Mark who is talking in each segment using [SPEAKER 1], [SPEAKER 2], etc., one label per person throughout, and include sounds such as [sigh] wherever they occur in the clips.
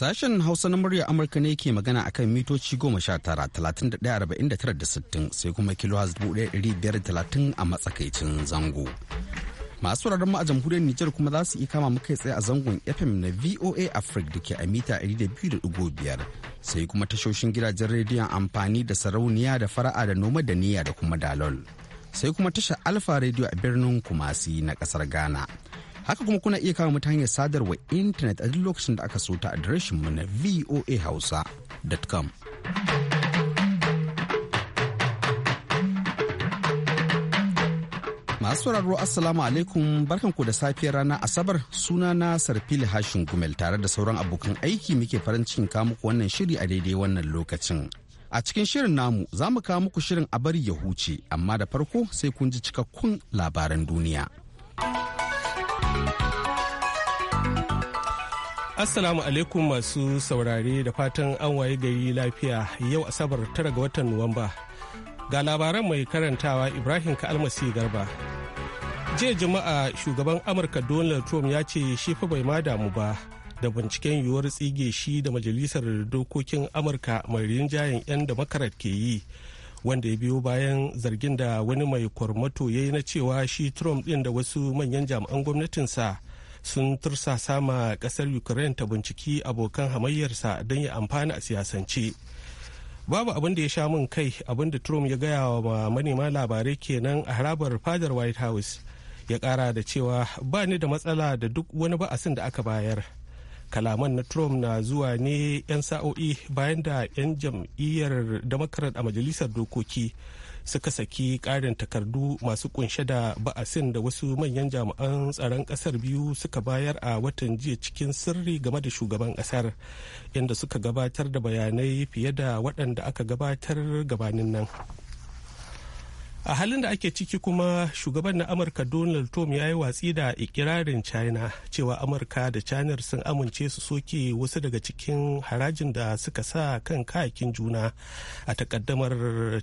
[SPEAKER 1] Sashen Hausa na murya Amurka ne ke magana akan mitoci goma sha tara talatin da ɗaya arba'in da tara da sittin sai kuma kilo dubu ɗaya ɗari biyar talatin a matsakaicin zango. Masu wuraren mu a jamhuriyar Nijar kuma za su iya kama muka tsaye a zangon FM na VOA Africa da ke a mita ɗari da biyu da ɗigo biyar sai kuma tashoshin gidajen rediyon amfani da sarauniya da fara'a da noma da niyya da kuma dalol. Sai kuma tasha Alfa Radio a birnin Kumasi na ƙasar Ghana. Haka kuma kuna iya kama mutane sadarwa intanet a duk lokacin da aka so ta adireshin mu na voahausa.com. Masu sauraro Assalamu alaikum barkanku da safiyar rana Asabar suna Sarfili Hashin Gumel tare da sauran abokan aiki muke farin cikin muku wannan shiri a daidai wannan lokacin. A cikin shirin namu za mu kawo muku shirin a bari ya huce amma da farko sai kun ji cikakkun labaran duniya.
[SPEAKER 2] Assalamu alaikum masu saurare da fatan an waye gari lafiya yau Asabar tara ga watan Nuwamba. Ga labaran mai karantawa Ibrahim Kalmasi Garba. Jiya Juma'a shugaban Amurka Donald Trump ya ce shi fa bai ma damu ba da binciken yiwuwar tsige shi da Majalisar Dokokin Amurka mai rinjayen 'yan da makarat ke yi. wanda ya biyo bayan zargin da wani mai kwarmato ya yi na cewa shi trump ɗin da wasu manyan jami'an gwamnatinsa sun tursasa ma kasar ukraine ta binciki abokan hamayyarsa don ya amfana a siyasance babu abin da ya sha min kai abin da trump ya gaya wa manema labarai kenan a harabar fadar white house ya kara da cewa ba ni da matsala da duk wani ba'asin da aka bayar kalaman na trump na zuwa ne 'yan sa'o'i bayan da 'yan jam'iyyar democrat a majalisar dokoki suka saki ƙarin takardu masu kunshe da ba'asin da wasu manyan jami'an tsaron kasar biyu suka bayar a watan jiya cikin sirri game da shugaban kasar inda suka gabatar da bayanai fiye da waɗanda aka gabatar gabanin nan. a halin da ake ciki kuma shugaban na amurka donald trump ya yi watsi da ikirarin china cewa amurka da china sun amince su soke wasu daga cikin harajin da suka sa kan kayakin juna a takaddamar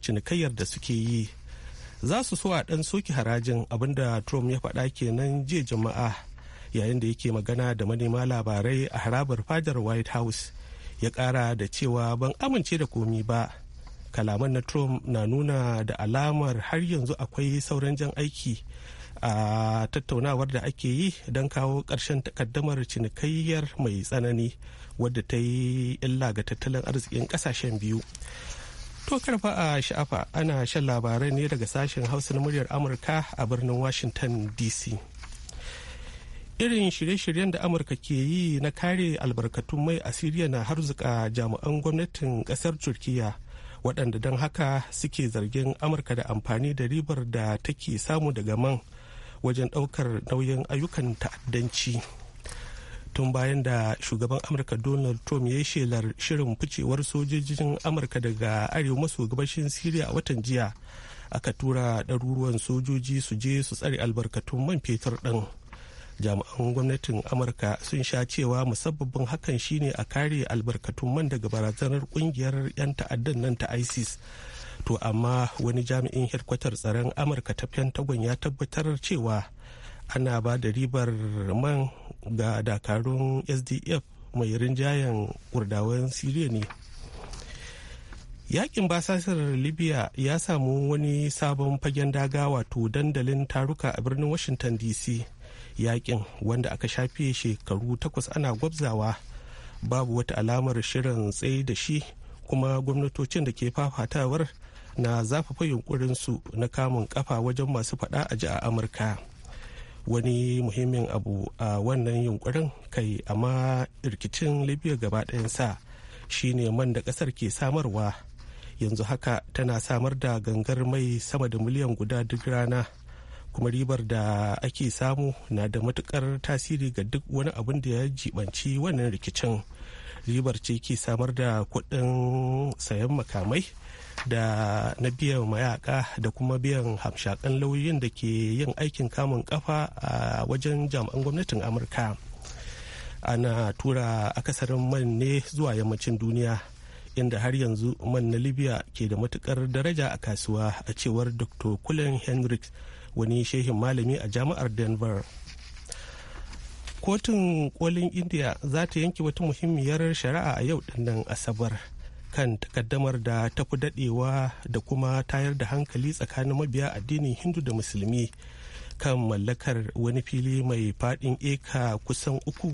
[SPEAKER 2] cinikayyar da suke yi za su so a dan soke harajin abinda trump ya faɗa kenan jiya jama'a yayin da yake magana da manema labarai a harabar fadar white house ya ƙara da cewa ban amince da komi ba kalaman na trump na nuna da alamar har yanzu akwai sauran jan aiki a tattaunawar da ake yi don kawo ƙarshen takaddamar cinikayyar mai tsanani wadda ta yi illa ga tattalin arzikin ƙasashen biyu to karfa a sha'afa ana shan labarai ne daga sashen hausa na muryar amurka a birnin washington dc irin shirye-shiryen da amurka ke yi na kare albarkatun mai a na harzuka jami'an gwamnatin kasar turkiyya. waɗanda don haka suke zargin amurka da amfani da ribar da take samu daga man wajen ɗaukar nauyin ayyukan ta'addanci tun bayan da shugaban amurka donald trump ya yi shelar shirin ficewar sojojin amurka daga arewa maso gabashin syria a watan jiya aka tura ɗaruruwan sojoji su je su tsare albarkatun man fetur ɗin. jami'an gwamnatin amurka sun sha cewa musabbabin hakan shine a kare albarkatun man daga barazanar kungiyar 'yan ta'addan nan ta isis to amma wani jami'in hirkwatar tsaron amurka ta pentagon ya tabbatar cewa ana ba da ribar man ga dakarun sdf mai rinjayen kurdawan siriya ne yakin basasar libya ya samu wani sabon fagen daga wato dandalin taruka a birnin washington dc yakin wanda aka shafe shekaru takwas ana gwabzawa babu wata alamar shirin tsaye da shi kuma gwamnatocin da ke fafatawar na zafafa su na kamun kafa wajen masu fada a ji a amurka wani muhimmin abu a wannan yunkurin kai amma rikicin libya gaba sa shine man da kasar ke samarwa yanzu haka tana samar da gangar mai sama da miliyan guda duk rana kuma ribar da ake samu na da matukar tasiri ga duk wani abin da ya jibanci wannan rikicin ribar ce ke samar da kuɗin sayan makamai da na biyan mayaka da kuma biyan hamshakan lauyoyin da ke yin aikin kamun kafa a wajen jami'an gwamnatin amurka ana tura akasarin man ne zuwa yammacin duniya inda har yanzu man na libya ke da matukar daraja a kasuwa a cewar dr kulin henrik wani shehin malami a jami'ar denver kotun kolin india za ta yanke wata muhimmiyar shari'a a yau dinnan asabar kan takaddamar da ta fi dadewa da kuma tayar da hankali tsakanin mabiya addinin hindu da musulmi kan mallakar wani fili mai fadin eka kusan uku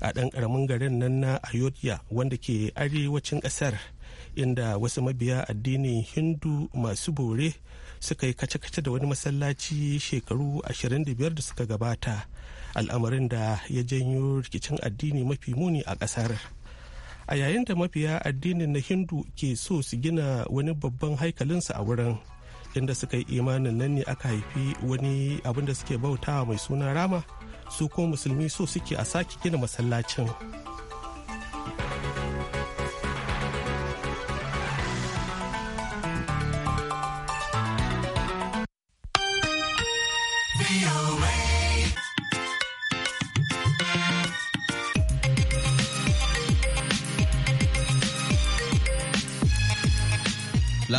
[SPEAKER 2] a ɗan ƙaramin garin nan na ayodhya wanda ke arewacin ƙasar inda wasu mabiya addinin hindu masu bore suka yi kace-kace da wani masallaci shekaru 25 da suka gabata al'amarin da ya janyo rikicin addini mafi muni a ƙasar a yayin da mafiya addinin na hindu ke so su gina wani babban haikalinsa a wurin inda suka yi imanin nan ne aka haifi wani abin da suke bautawa mai suna rama su ko musulmi so suke a sake gina masallacin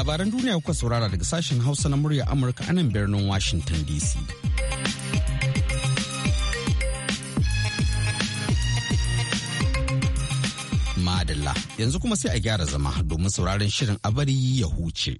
[SPEAKER 1] labaran duniya kuka saurara daga sashen hausa na murya amurka a nan birnin washington dc madalla yanzu kuma sai a gyara zama domin sauraron shirin abari ya huce.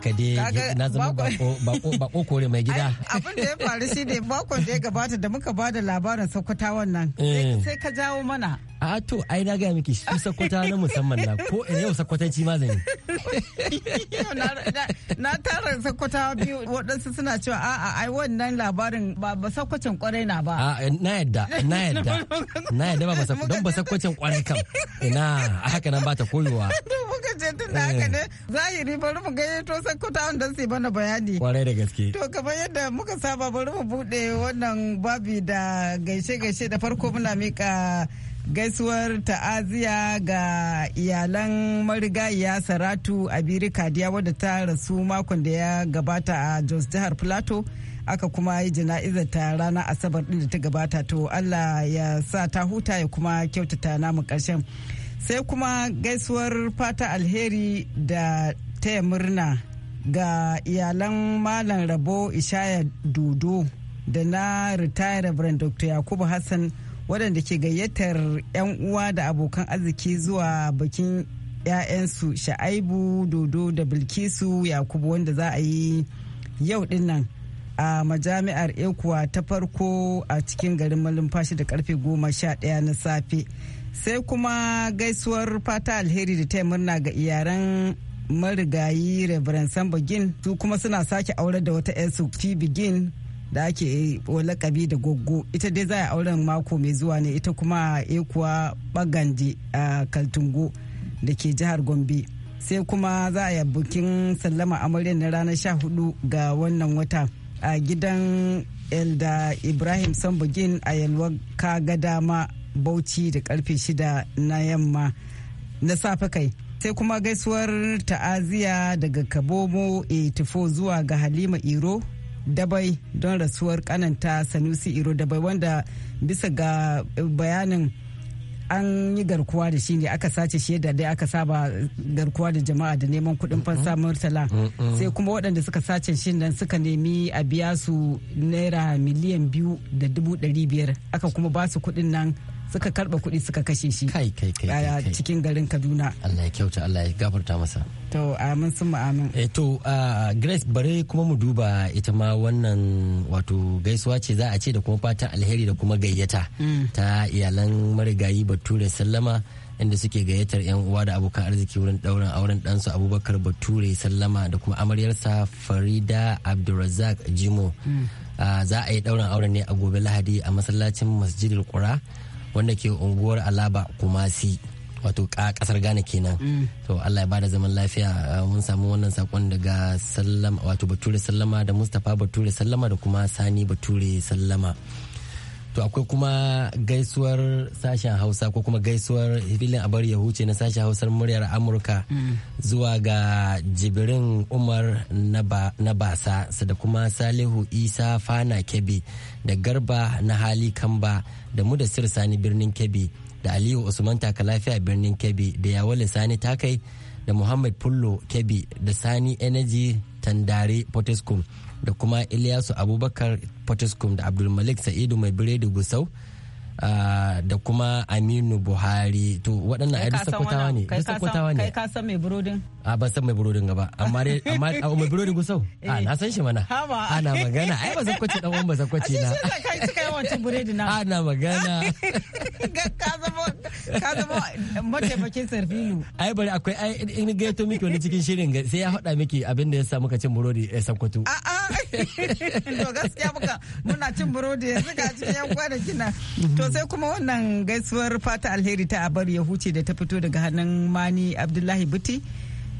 [SPEAKER 3] ka dai na
[SPEAKER 4] zama [laughs] bako kore mai gida
[SPEAKER 3] abin da ya faru shi ne bakon da ya gabata da muka ba da
[SPEAKER 4] labarin sokotawan nan sai
[SPEAKER 3] eh. ka jawo mana
[SPEAKER 4] a to ai na gaya miki su sakwata na musamman na ko in yau sakwatanci ma zan
[SPEAKER 3] yi na tara sakwata biyu waɗansu suna cewa a'a ai wannan labarin ba ba sakwacin kwarai na ba eh,
[SPEAKER 4] na yadda na yadda na yadda ba ba don ba sakwacin kwarai kam ina a haka nan ba ta koyowa
[SPEAKER 3] muka ce tun haka ne zahiri bari mu to sakwata wanda su bana bayani kwarai da gaske to kamar yadda muka saba bari mu buɗe wannan babi da gaishe-gaishe da farko muna mika gaisuwar ta'aziya ga iyalan marigayiya saratu abiri kadiya wadda ta rasu makon da ya gabata a jos jihar plato aka kuma yi jana'izar ta ranar asabar din da ta gabata to allah ya sa ta huta ya kuma kyautata namu karshen sai kuma gaisuwar fata alheri da taya murna ga iyalan malam rabo ishaya dodo da na ritaya reverend dr yakubu hassan waɗanda ke gayyatar 'yan uwa da abokan arziki zuwa bikin 'ya'yansu sha'aibu dodo da bilkisu yakubu wanda za a yi yau dinnan a majami'ar ekuwa ta farko a cikin garin malumfashi da karfe goma sha ɗaya na safe sai kuma gaisuwar fata alheri da ta murna ga iyaren marigayi reverend samba gin su kuma suna sake aure da wata 'yansu fi gin da ake lakabi da goggo ita dai za a auren mako mai zuwa ne ita kuma ekuwa eh, bagandi a kaltungo da ke jihar gombe sai kuma za a yi bukin sallama amaryar na ranar sha hudu ga wannan wata a gidan elda ibrahim sambugin a yalwa ka ga dama bauchi da karfe 6 na yamma na safe kai sai kuma gaisuwar ta'aziya daga kabomo 84 zuwa ga halima iro dabai don rasuwar kananta sanusi iro dabai wanda bisa ga bayanin an yi garkuwa da shi ne aka sace shi da dai aka saba garkuwa da jama'a da neman kuɗin fansa murtala mm, mm, mm. sai kuma waɗanda suka sace shi nan suka nemi a biya su naira miliyan biyu da dubu ɗari biyar aka kuma ba su kuɗin nan suka karba kuɗi suka kashe shi kai kai kai a cikin garin kaduna
[SPEAKER 4] allah ya kyauta allah ya gafarta masa to amin sun amin eh to grace bare kuma mu duba ita ma wannan wato gaisuwa ce za a ce da kuma fatan alheri da kuma gayyata mm. ta iyalan marigayi bature sallama inda suke gayyatar 'yan uwa da abokan arziki wurin ɗaurin auren ɗansu abubakar bature sallama da kuma amaryarsa farida abdulrazak jimo mm. za a yi ɗaurin auren ne a gobe lahadi a masallacin masjidil ƙura. wanda ke unguwar alaba kumasi wato kasar ghana kenan mm. to allah ya bada zaman lafiya uh, mun samu wannan sakon daga sallama wato bature sallama da mustapha bature sallama da kuma sani bature sallama to akwai kuma gaisuwar sashen hausa ko kuma gaisuwar filin abar ya na sashen hausar muryar amurka mm. zuwa ga jibirin umar na basa da kuma salihu isa fana kebe da garba na hali kamba da mu da sani birnin kebe da aliyu usman taka lafiya birnin kebe da yawale sani takai da muhammad pullo kebe da sani energy tandare potescom da kuma Ilyasu Abubakar Potiskum da Abdulmalik Sa'idu mai biredi Gusau Ah, da kuma aminu buhari to waɗannan ai sakkwatawa ne ne kai ka san mai burodin a ah, ban san mai burodin gaba amma dai [laughs] amma mai burodin gusau a ah, eh. na san shi mana na magana ai ba zakkwace dan uwan ba kwace na
[SPEAKER 3] kai kai wancan
[SPEAKER 4] burodi na ana magana [laughs] ka zama ka zama mataimakin sarfilu ai bari akwai ai in to miki wani cikin shirin sai ya faɗa miki abin da ya samu ka cin burodi a sakkwato a a
[SPEAKER 3] to gaskiya muka muna cin burodi yanzu ga cikin yan kwanaki na to To sai kuma wannan gaisuwar fata alheri ta abar ya huce da ta fito daga hannun Mani Abdullahi Buti.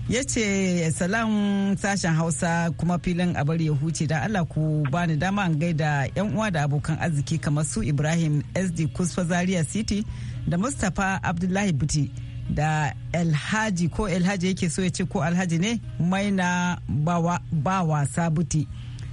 [SPEAKER 3] ya ce salam sashen hausa kuma filin abar ya huce da allah ku bani dama an gaida yan uwa da abokan arziki kamar su ibrahim sd kusfa zaria city da mustapha abdullahi buti da alhaji ko alhaji yake so ya ce ko alhaji ne maina ba wasa buti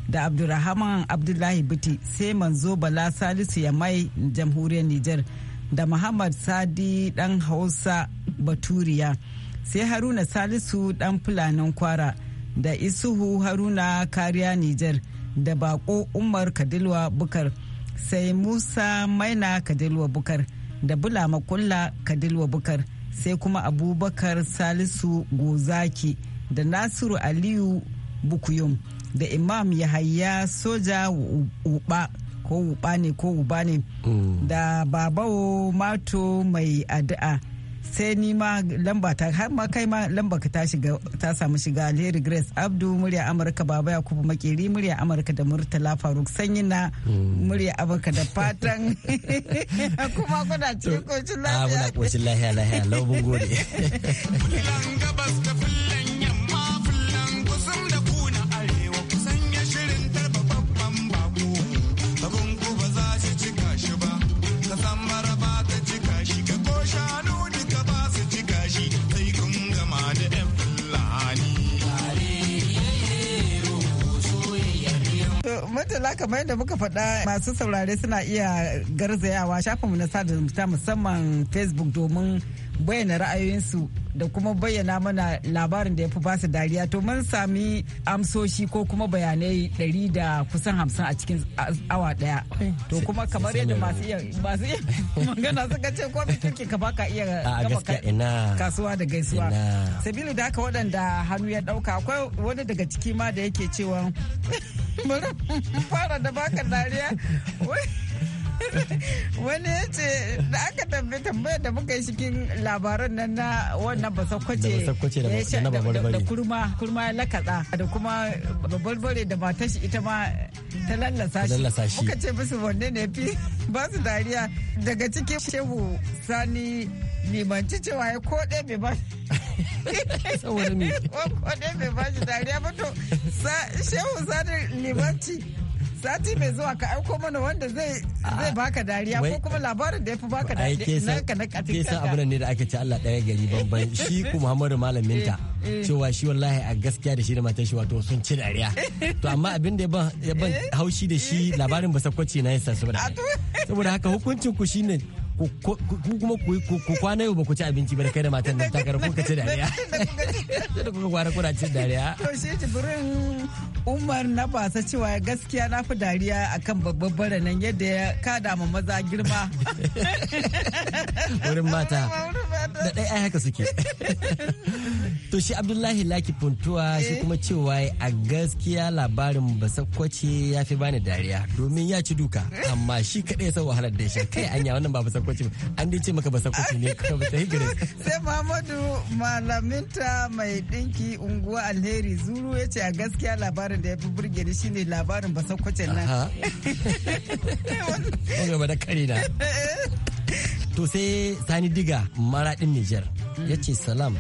[SPEAKER 3] da abdulrahman abdullahi biti sai manzo bala salisu ya mai jamhuriyar niger da muhammad sadi dan hausa baturiya sai haruna salisu dan fulanin kwara da isuhu haruna kariya niger da bako umar kadilwa bukar sai musa maina kadilwa bukar da bula kulla kadilwa bukar sai kuma abubakar salisu gozaki da nasiru aliyu bukuyum da imam yahaya soja uba ko uba ne ko uba ne mm. da babawo mato mai addu'a sai ni ma lamba ta har ma kai ma lamba ka ta samu shiga alheri grace abdu murya amurka baba yakubu makeri murya amurka da murtala faruk sanyi na mm. murya amurka da fatan
[SPEAKER 4] [laughs] kuma kuna cikin kocin lafiya muna kocin lafiya lafiya lau mun gode [laughs]
[SPEAKER 3] matala kamar yadda muka faɗa masu saurare suna iya garzayawa shafinmu na sada musamman facebook domin bayyana ra'ayoyinsu da kuma bayyana mana labarin da ya fi basu dariya to mun sami amsoshi ko kuma bayanai ɗari da kusan hamsin a cikin awa ɗaya to kuma kamar yadda masu iya masu iya [laughs] magana suka ce ko mai kirki ka baka iya [laughs] gama kasuwa da gaisuwa sabilu da haka waɗanda hannu ya ɗauka akwai wani daga ciki ma da yake cewa [laughs] fara da baka dariya wani ya ce da aka tambaye tambayar da muka yi cikin labaran nan na wannan basakwace da kurma kurma lakatsa da kuma babarbare da matar shi ita ma ta lallasa shi muka ce musu wanne ne fi ba su dariya daga cikin shehu sani limanci cewa ya koɗe mai ba [laughs] [laughs] ko bai ba shi dariya ba to shehu sani limanci sati mai zuwa ka aiko mana wanda zai zai baka dariya ko kuma labarin da ya baka dariya nan ka na katin kesa abin
[SPEAKER 4] ne da ake ci Allah daya gari banban [laughs] shi ku Muhammadu malamin ta eh, eh. cewa shi wallahi a gaskiya da shi da matan shi wato sun ci dariya to amma abin da ya ban [laughs] eh, haushi da shi labarin ba sakwace na yasa saboda haka hukuncin ku shine ku kuma ku kwana yau ba ku ci abinci ba da kai da matan nan takara kuka ci dariya [laughs] da kuka kwana kuna ci dariya
[SPEAKER 3] to shi burin umar na basa cewa gaskiya na fi dariya akan babban bara nan yadda ya kada ma maza
[SPEAKER 4] girma [laughs] [laughs] wurin mata
[SPEAKER 5] da dai ai haka suke
[SPEAKER 4] to shi abdullahi laki puntuwa shi eh. kuma cewa a gaskiya labarin sakwace ya fi bani dariya domin ya ci duka eh. amma shi kadai ya san wahalar da shi kai anya wannan ba basa sakwaci an dai ce maka ba sakwaci ne ka ba ta yi gare
[SPEAKER 3] [laughs] sai Muhammadu malaminta mai dinki unguwa alheri zuru ya ce a gaskiya labarin da ya fi burge ni shine labarin ba sakwacin nan
[SPEAKER 4] wanda [laughs] ba da kare na to sai sani diga maradin Nijar ya ce salam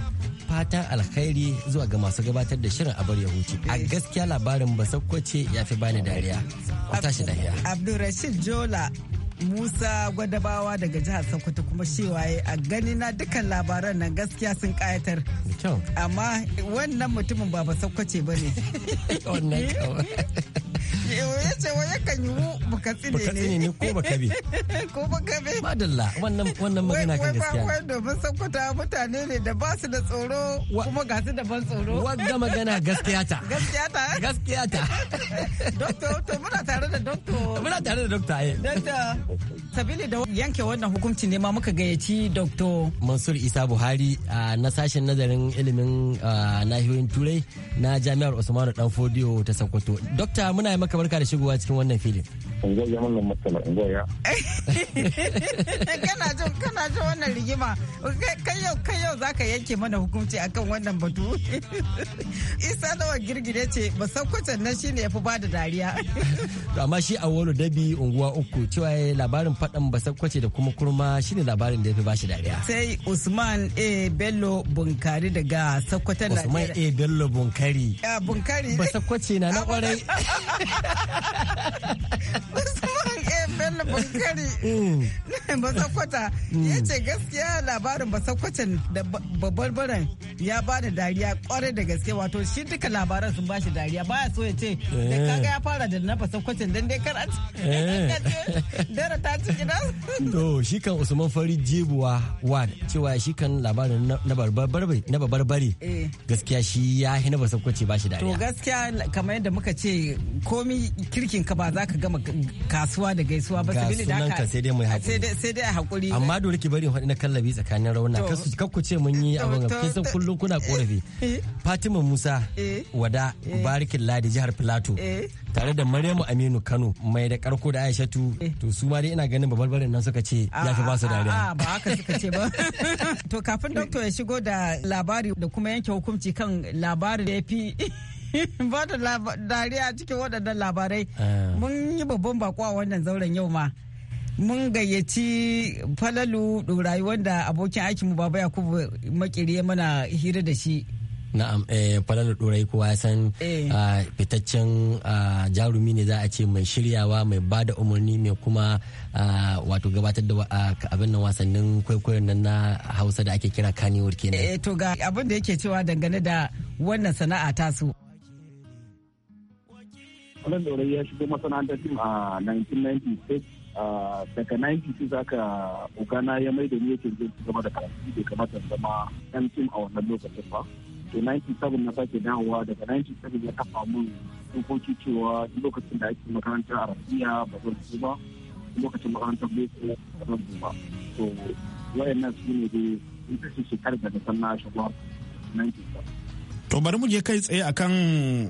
[SPEAKER 4] fatan alkhairi zuwa ga masu gabatar da shirin abar ya huce a gaskiya labarin ba sakwace ya fi bani dariya ku tashi lahiya
[SPEAKER 3] abdulrashid jola Musa Gwadabawa daga jihar Sokoto kuma cewa a gani na dukkan labaran nan gaskiya sun kayatar. Amma wannan mutumin ba ba Sokoto ba ne. [laughs] ya wa yi baka tsine ne ne ko baka bi [laughs] bi madalla wannan wannan magana kan gaskiya ne da ba magana gaskiya
[SPEAKER 5] ta [laughs] [laughs] muna tare da
[SPEAKER 3] doctor eh.
[SPEAKER 4] yanke wannan hukunci ne ma muka gayyaci doctor Mansur Isa Buhari na sashen nazarin ilimin nahiyoyin turai na jami'ar Usmanu Danfodiyo ta Sokoto doctor muna maka barka da shigowa cikin wannan filin. unguwar ya mun
[SPEAKER 6] mata na unguwar ya
[SPEAKER 3] kana jin kana jin wannan rigima kai yau kai yau zaka yanke mana hukunci akan wannan batu isa da girgire ce ba sakwatan nan shine yafi da dariya
[SPEAKER 4] to amma shi a wolo dabi unguwa uku cewa labarin fadan ba sakwace da kuma kurma shine labarin da yafi shi dariya
[SPEAKER 3] sai usman a bello bunkari daga na. usman a bello bunkari ah, bunkari ba sakwace na na kwarai ah, [laughs] Bello Bunkari mm. Basakwata mm. ya ce gaskiya labarin Basakwatan da babbarbaran ya ba da dariya kwarai da gaske wato shi duka labaran sun ba shi dariya ya so ya ce da kaga ya fara da na Basakwatan dan dai kar [laughs] an
[SPEAKER 4] dara ta ci gida. [laughs] To shi kan Usman Fari Jebuwa Wad cewa shi kan labarin na barbarbare na barbarbare eh. gaskiya shi ya hi na Basakwace ba shi dariya. To gaskiya kamar yadda muka
[SPEAKER 3] ce komi kirkin ka ba za ka gama kasuwa da gaisuwa ba sabili da ka sai dai mai hakuri sai dai
[SPEAKER 4] haƙuri amma dole ki bari faɗi na kallabi tsakanin rauna kasu ku ce mun yi abin kin san kullun kuna korafi eh. eh. Fatima Musa eh. wada Barikin Ladi jihar Plateau tare da Maryamu Aminu Kano mai da karko da Aishatu to su ma dai ina ganin babalbarin nan suka ce ya fi ba su dariya ba haka suka ce ba [laughs] to kafin doctor ya shigo da
[SPEAKER 3] labari da kuma yanke hukunci kan labarin da ya fi [laughs] ba da dariya cikin waɗannan labarai ah. mun yi babban bako a wannan zauren yau ma mun gayyaci falalu ɗorayi wanda abokin aikin mu baba yakubu makiri mana
[SPEAKER 4] hira da shi na'am eh, falalu ɗorayi kowa ya san eh. ah, fitaccen ah, jarumi ne za a ce mai shiryawa mai ba da umarni mai kuma wato gabatar da abin nan wasannin kwaikwayon nan na hausa da ake kira kaniwood kenan eh, to ga abin da yake cewa dangane da wannan sana'a tasu
[SPEAKER 6] Alan Daure ya shigo masana'antar fim a 1996 daga 96 aka Ugana ya mai da ni yake zai zama da karatu bai kamata zama ɗan fim a wannan lokacin ba. To 97 na sake dawowa daga 97 ya kafa mun dokoki cewa lokacin da ake makarantar arabiya ba zan ba lokacin makarantar boko ba zan ba. To wayannan su ne dai in ce shekarar da na san na shigo
[SPEAKER 7] 97. To bari mu je kai tsaye akan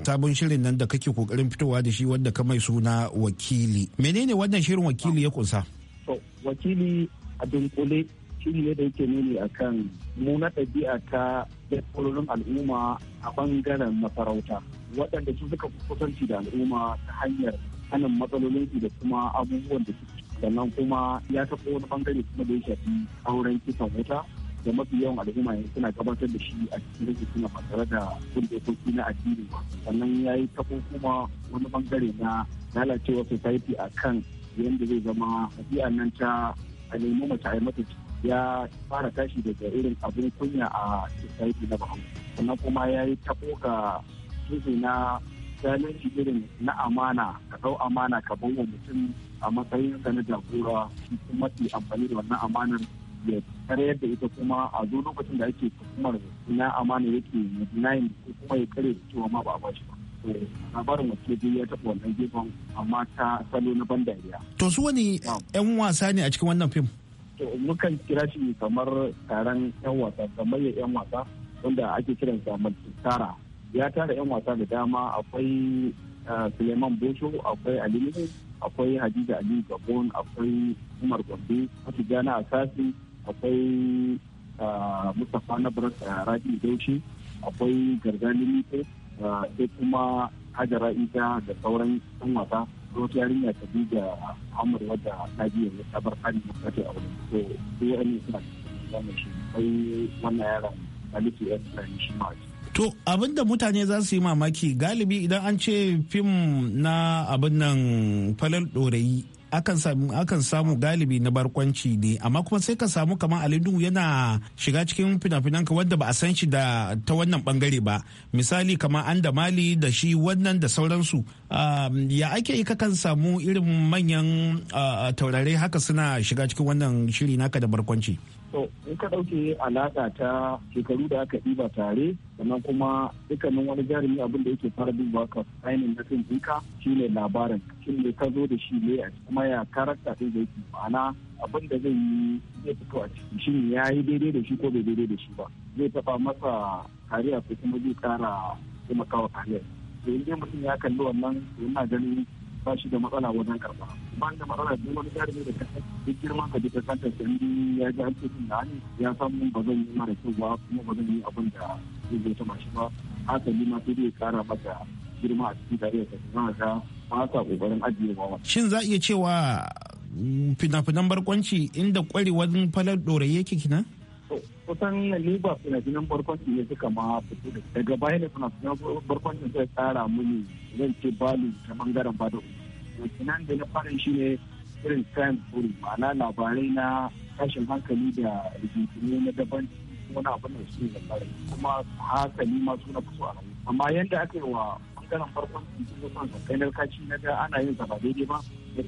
[SPEAKER 7] sabon shirin nan da kake kokarin fitowa da shi wanda ka mai suna wakili. Menene wannan shirin wakili ya kunsa?
[SPEAKER 6] To wakili a dunkule shi ne da yake nuni akan mu na ɗabi'a ta jakolonin al'umma a bangaren masarauta waɗanda su suka kusanci da al'umma ta hanyar hanan matsalolin da kuma abubuwan da suke sannan kuma ya taɓa wani bangare kuma da ya shafi auren kisan wuta da mafi yawan al'umma suna gabatar da shi a cikin rikici suna ba tare da kun dokoki na addini ba sannan ya yi taɓo kuma wani bangare na lalacewa society a kan yadda zai zama ɗabi'a nan ta a nemi mace a yi ya fara tashi daga irin abin kunya a society na bahamu sannan kuma ya yi taɓo ga tuzi na shi irin na amana ka ɗau amana ka bawa mutum a matsayin sa na jagora kuma amfani da wannan amanar ya kare da ita kuma a zo lokacin da ake hukumar na amana yake na yin kuma ya karya cewa ma ba a bashi ba labarin wakili ya taɓa wannan gefen amma ta salo na ban dariya.
[SPEAKER 7] To su wani ƴan wasa ne a cikin wannan fim?
[SPEAKER 6] To mukan kira shi kamar taron ƴan wasa kamar ya ƴan wasa wanda ake kiran sa tara. Ya tara ƴan wasa da dama akwai eh, Suleiman Bosho, akwai Ali akwai Hadiza Ali Gabon, akwai Umar Gombe, a Asasi, akwai ah, mustapha na baras a ah, rabi gaushi akwai garzali mito ah, sai kuma hajara ita da sauran yan wasa wata yarinya ta bi da hamur wadda ta biya ne ta bar kari ta aure to ya yan suna cikin shi sai wannan yaran alifu ya tsirani shi ma
[SPEAKER 7] To abinda mutane za su yi mamaki galibi idan an ce fim na abin nan falal ɗorayi akan samu galibi na barkwanci ne amma kuma sai ka samu kamar alidu yana shiga cikin fina-finan wanda ba a san shi da ta wannan bangare ba misali kamar an da mali da shi wannan da sauransu um, ya ake yi kakan samu irin manyan uh, taurare haka suna shiga cikin wannan shiri naka da barkwanci
[SPEAKER 6] to in ka ɗauke alaka ta shekaru da aka ɗiba tare sannan kuma dukkanin wani jarumi abin da yake fara duba ka ainihin na fim ɗinka shine labarin shin ne ka zo da shi ne a kuma ya karakta ɗin da yake ma'ana abin da zai yi zai fito a ciki shin ya yi daidai da shi ko bai daidai da shi ba zai taɓa masa kariya ko kuma zai kara taimakawa kariya to in dai mutum ya kalli wannan ina ganin ba shi da matsala wajen karba ba da matsala duk wani jarumi da ta duk girman ka duka kanta sai ya ji an cikin da hali ya samu ba zan yi mara kyau ba kuma ba zan yi abin da zai zo ta mashi ba haka ni ma sai dai kara mata girma a cikin tarihi ka zama ka ba sa kokarin ajiye ba
[SPEAKER 7] shin za a iya cewa mm, fina-finan barkwanci inda kwarewar falar ɗorayya yake kina?
[SPEAKER 6] kusan liba finafinan barkwanci ne suka ma fito da daga baya suna suna barkwanci zai tsara muni zan ce balu ta bangaren bada kinan da na farin shi ne irin crime story ma'ana labarai na tashin hankali da rigingimu na daban wani abin da su ne da kuma hasali ma suna fito a amma yadda aka yi wa karan farkon cikin son kai na kaci na ga ana yin sa ba daidai ba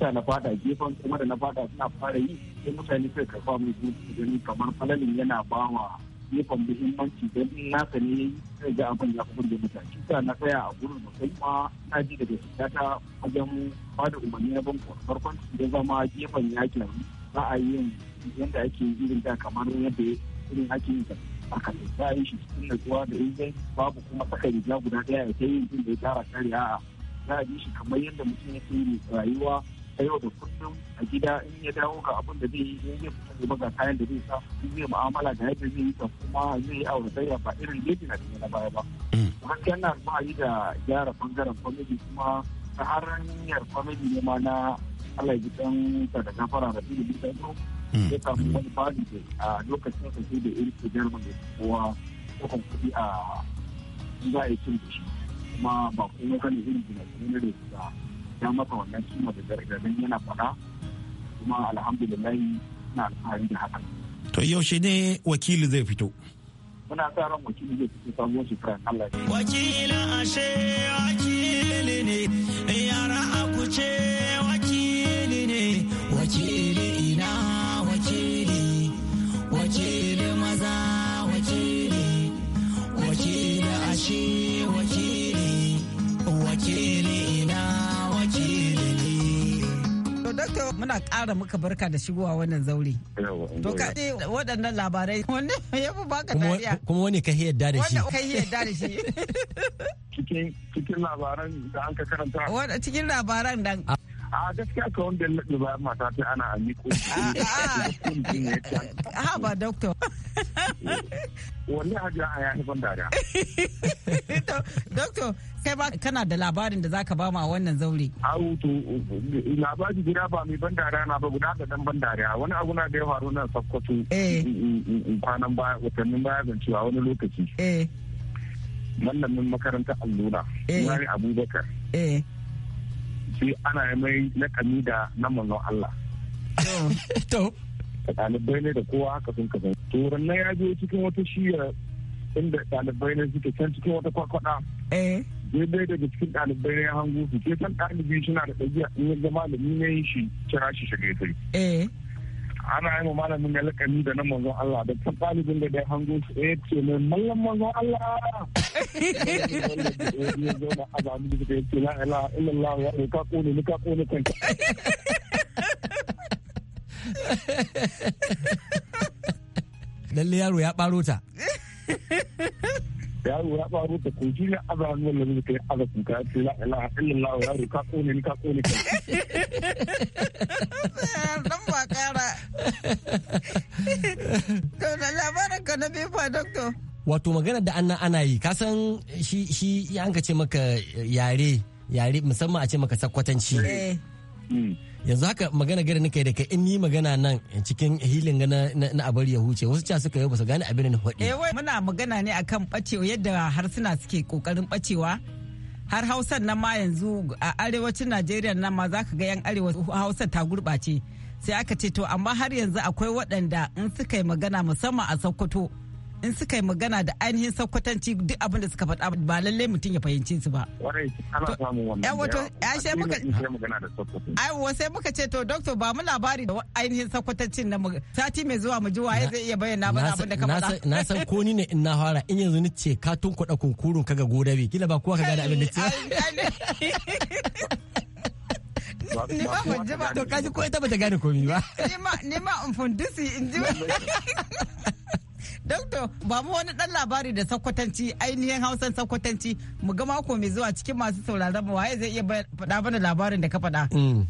[SPEAKER 6] sa na fada gefen kuma da na fada suna fara yi sai mutane sai karfa mu su gani kamar falalin yana bawa gefen muhimmanci don na sani ne sai ga abin ya kuma da mutane sa na tsaya a gurin da kai ma na ji daga shigata wajen bada umarni na ban farkon da zama gefen yakin za a yin yadda ake irin da kamar yadda irin ake yin aka ta yi shi cikin natsuwa da in babu kuma saka riga guda daya ya ta yin jin da ya tara kare a'a za a shi kamar yadda mutum ya yi rayuwa ta yau da kullum a gida in ya dawo ga abin da zai yi in zai fita gaba ga kayan da zai sa in zai mu'amala da yadda zai yi ta kuma zai yi auratayya ba irin da na cikin na baya ba. Mm. Gaskiya na yi da gyara bangaren kwamiti kuma ta hanyar kwamiti ne ma na Allah ya ji ɗan da fara da ta bisa Mm. ya samu wani fadi da a lokacin sa sai da irke jarma da kowa kukan kuɗi a za a yi cin da shi kuma ba kuma gani irin gina gina da ba ya masa wannan kima da gargadin yana faɗa kuma alhamdulillah na alfahari da haka.
[SPEAKER 7] To yaushe ne wakili zai fito? Muna
[SPEAKER 6] sa ran wakili zai fito sabuwar
[SPEAKER 7] shekara Allah.
[SPEAKER 6] Wakili ashe wakili
[SPEAKER 5] ne yara a kuce wakili ne wakili shi wakili wakili na wakili
[SPEAKER 3] to doctor muna ƙara muka barka da shigowa wannan zaure to ka ce waɗannan labarai [laughs] wanne ya fi baka dariya
[SPEAKER 4] kuma wani ka
[SPEAKER 6] yadda da shi wanda ka yadda da shi [laughs] cikin labaran da an ka karanta cikin labaran dan a gaskiya ka wanda ya bayan mata ta ana a miko
[SPEAKER 3] ha ba doctor
[SPEAKER 6] Wani hajiya a yayi ban dariya
[SPEAKER 3] [laughs] doctor kai ba kana da labarin da zaka ba ma
[SPEAKER 6] wannan zaure au to labari guda ba mai ban dariya na ba guda da dan ban dariya wani abu na da ya faru nan sakkwato eh. kwanan baya watannin baya zancewa wani lokaci mallamin eh. makaranta allura Mari eh. Abubakar sai ana mai lakami da na manzon Allah. [laughs] To. Ɗalibai ne da kowa haka sun kasan. To wannan ya je cikin wata shiya inda ɗalibai ne suke can cikin wata kwakwada. Eh. Daidai daga cikin ɗalibai ne hango su ke san ɗalibi suna da ɗabi'a in ya zama malami ne shi kira shi shiga ana yi malamin ya lakani da na manzon Allah da ta ɗalibin da dai hango su ya eh, ce mai mallan mazan Allah ya zo da ya ce la ilaha illallah ya ka ni ka yaro ya ɓaro ta [laughs] yaro ya ɓaro ta kun shine azaban wannan ne kai aza kuka ya ce la ilaha illallah
[SPEAKER 4] yaro ka kone ni ka kone ka
[SPEAKER 3] dan ba kara to da labarin ka na bifa doctor
[SPEAKER 4] wato magana da anna ana yi kasan shi shi an ka ce maka yare yare musamman a ce maka sakwatanci eh. mm. yanzu haka magana gare ni kai da kai in ni magana nan cikin hilin na na abar ya huce wasu ca suka yi ba su gane abin da faɗi eh muna magana ne
[SPEAKER 3] akan bacewa yadda harsuna suke kokarin bacewa har hausan nan ma yanzu a arewacin najeriya nan ma zaka ga yan arewa hausa ta gurbace sai aka ce to amma har yanzu akwai waɗanda in suka yi magana musamman a sokoto in suka yi magana da ainihin sakkwatanci duk abin da suka faɗa ba lalle mutum ya fahimci su ba.
[SPEAKER 5] Kwarai, ana samun wannan. wato,
[SPEAKER 3] ya sai muka Ai, wa sai muka ce to doctor ba mu labari da ainihin sakkwatancin na sati mai zuwa mu ji waye zai iya bayyana ba abin da ka faɗa. Na san
[SPEAKER 4] ko ni ne in na fara in yanzu ni ce ka tunkuɗa kunkurun kaga godabe kila ba kowa ka gane abin da ce. [laughs] ni ma ban ji ba to kaji ko ita ba ta gane komi ba.
[SPEAKER 3] Ni ma in fundisi in ji. [laughs] Dokto ba mu wani dan labari da sakwatanci ainihin hausan sakwatanci mu ga mako mai zuwa cikin masu sauraron mu waye zai iya faɗa mana labarin da ka faɗa. Mm.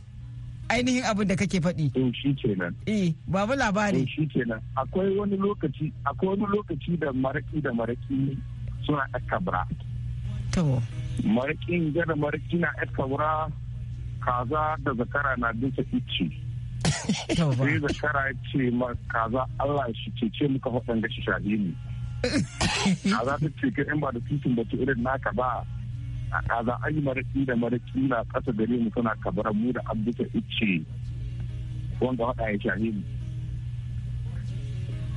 [SPEAKER 3] Ainihin abin da kake faɗi. Eh shi kenan. Eh
[SPEAKER 6] babu labari. Eh shi kenan. Akwai wani lokaci akwai wani lokaci da maraki da maraki suna akabra. To. Marakin gada maraki na akabra kaza da zakara na bisa icce. Sai da kara ce ma kaza Allah shi cece muka faɗin gashi shahini. Kaza ta ce ka in ba da titin ba ta irin naka ba. A kaza an yi maraƙi da maraƙi na ƙasa gare mu suna kabara mu da abu ta ice wanda faɗa ya shahini.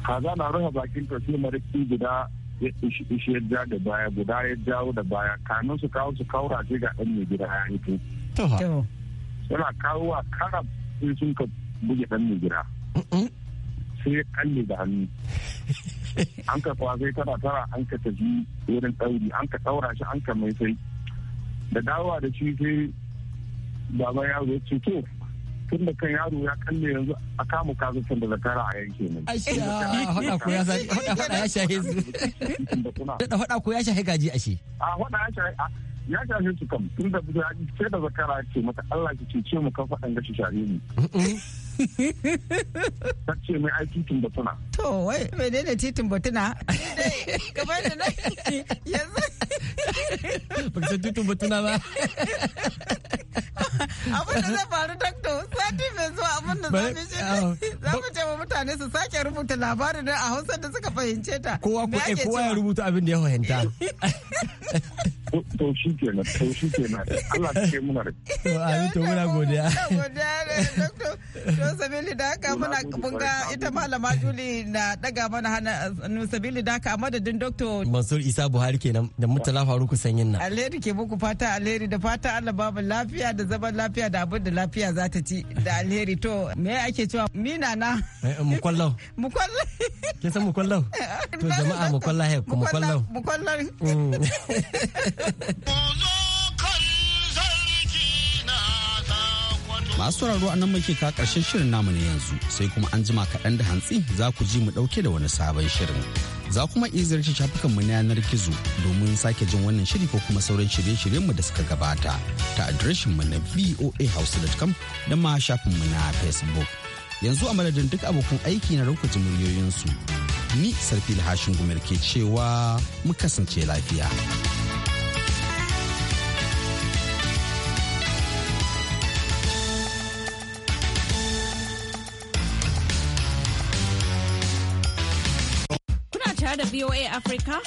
[SPEAKER 6] Kaza na rufe bakin ta sai maraƙi guda ya ishe-ishe ya ja da baya guda ya jawo da baya kamin su kawo su kaurace ga ɗan mai gida ya hito. Yana kawo wa karab in sun ka buge dan mu gida sai ya kalle da hannu [laughs] an ka kwazai tara tara an ka tafi wurin ɗauri an ka ɗaura shi an ka mai sai da dawowa da shi sai baba yaro ya ce to tun da kan yaro ya kalle yanzu a kama kazatan da zakara a yanke
[SPEAKER 4] ne. Hada ko ya shahe ko ya shahe gaji shi. A hada ya shahe ya shafe su kam tun da ya ce
[SPEAKER 6] da zakara ce mata Allah ki cece mu kan faɗan gashi share mu.
[SPEAKER 4] Ta ce mai ai titin batuna.
[SPEAKER 3] To wai menene titin batuna? Kamar da na yanzu.
[SPEAKER 4] Baka san titin batuna ba.
[SPEAKER 5] abin da zai faru dakto sati mai zuwa abin da zai shi za
[SPEAKER 3] mu ah, ce wa mutane su sake rubuta labarin a hausa da suka fahimce ta kowa eh, ya rubuta
[SPEAKER 4] abin da ya fahimta [laughs] to shi kenan to shi kenan Allah ya ce muna
[SPEAKER 6] da amin to muna
[SPEAKER 3] godiya godiya ne to sabili da haka muna bunga ita malama Juli na daga mana hana eh, sabili da haka a madadin Dr.
[SPEAKER 4] Mansur Isa Buhari kenan da Murtala Faruku Sanyin nan
[SPEAKER 3] alheri ke muku fata alheri da fata Allah babu lafiya da zaman lafiya da abin da lafiya za ta ci da alheri to me ake cewa mina na
[SPEAKER 4] eh, eh, mukwallau [laughs] mukwallau kin san mukwallau [laughs] to jama'a mukwallau mukwallau mukwallau mm. [laughs]
[SPEAKER 1] Masu sauraro a nan muke ka karshen shirin namu ne yanzu sai kuma an jima kaɗan da hantsi za ku ji mu ɗauke da wani sabon shirin. Za kuma iya ziyarci shafukanmu na yanar gizo domin sake jin wannan shiri ko kuma sauran shirye-shiryenmu da suka gabata ta mu na voahouse.com da ma mu na Facebook. yanzu a madadin duk abokan aiki na raukaci muryoyinsu ni sarfil hashin gumar ke cewa mu kasance lafiya.
[SPEAKER 5] VOA Africa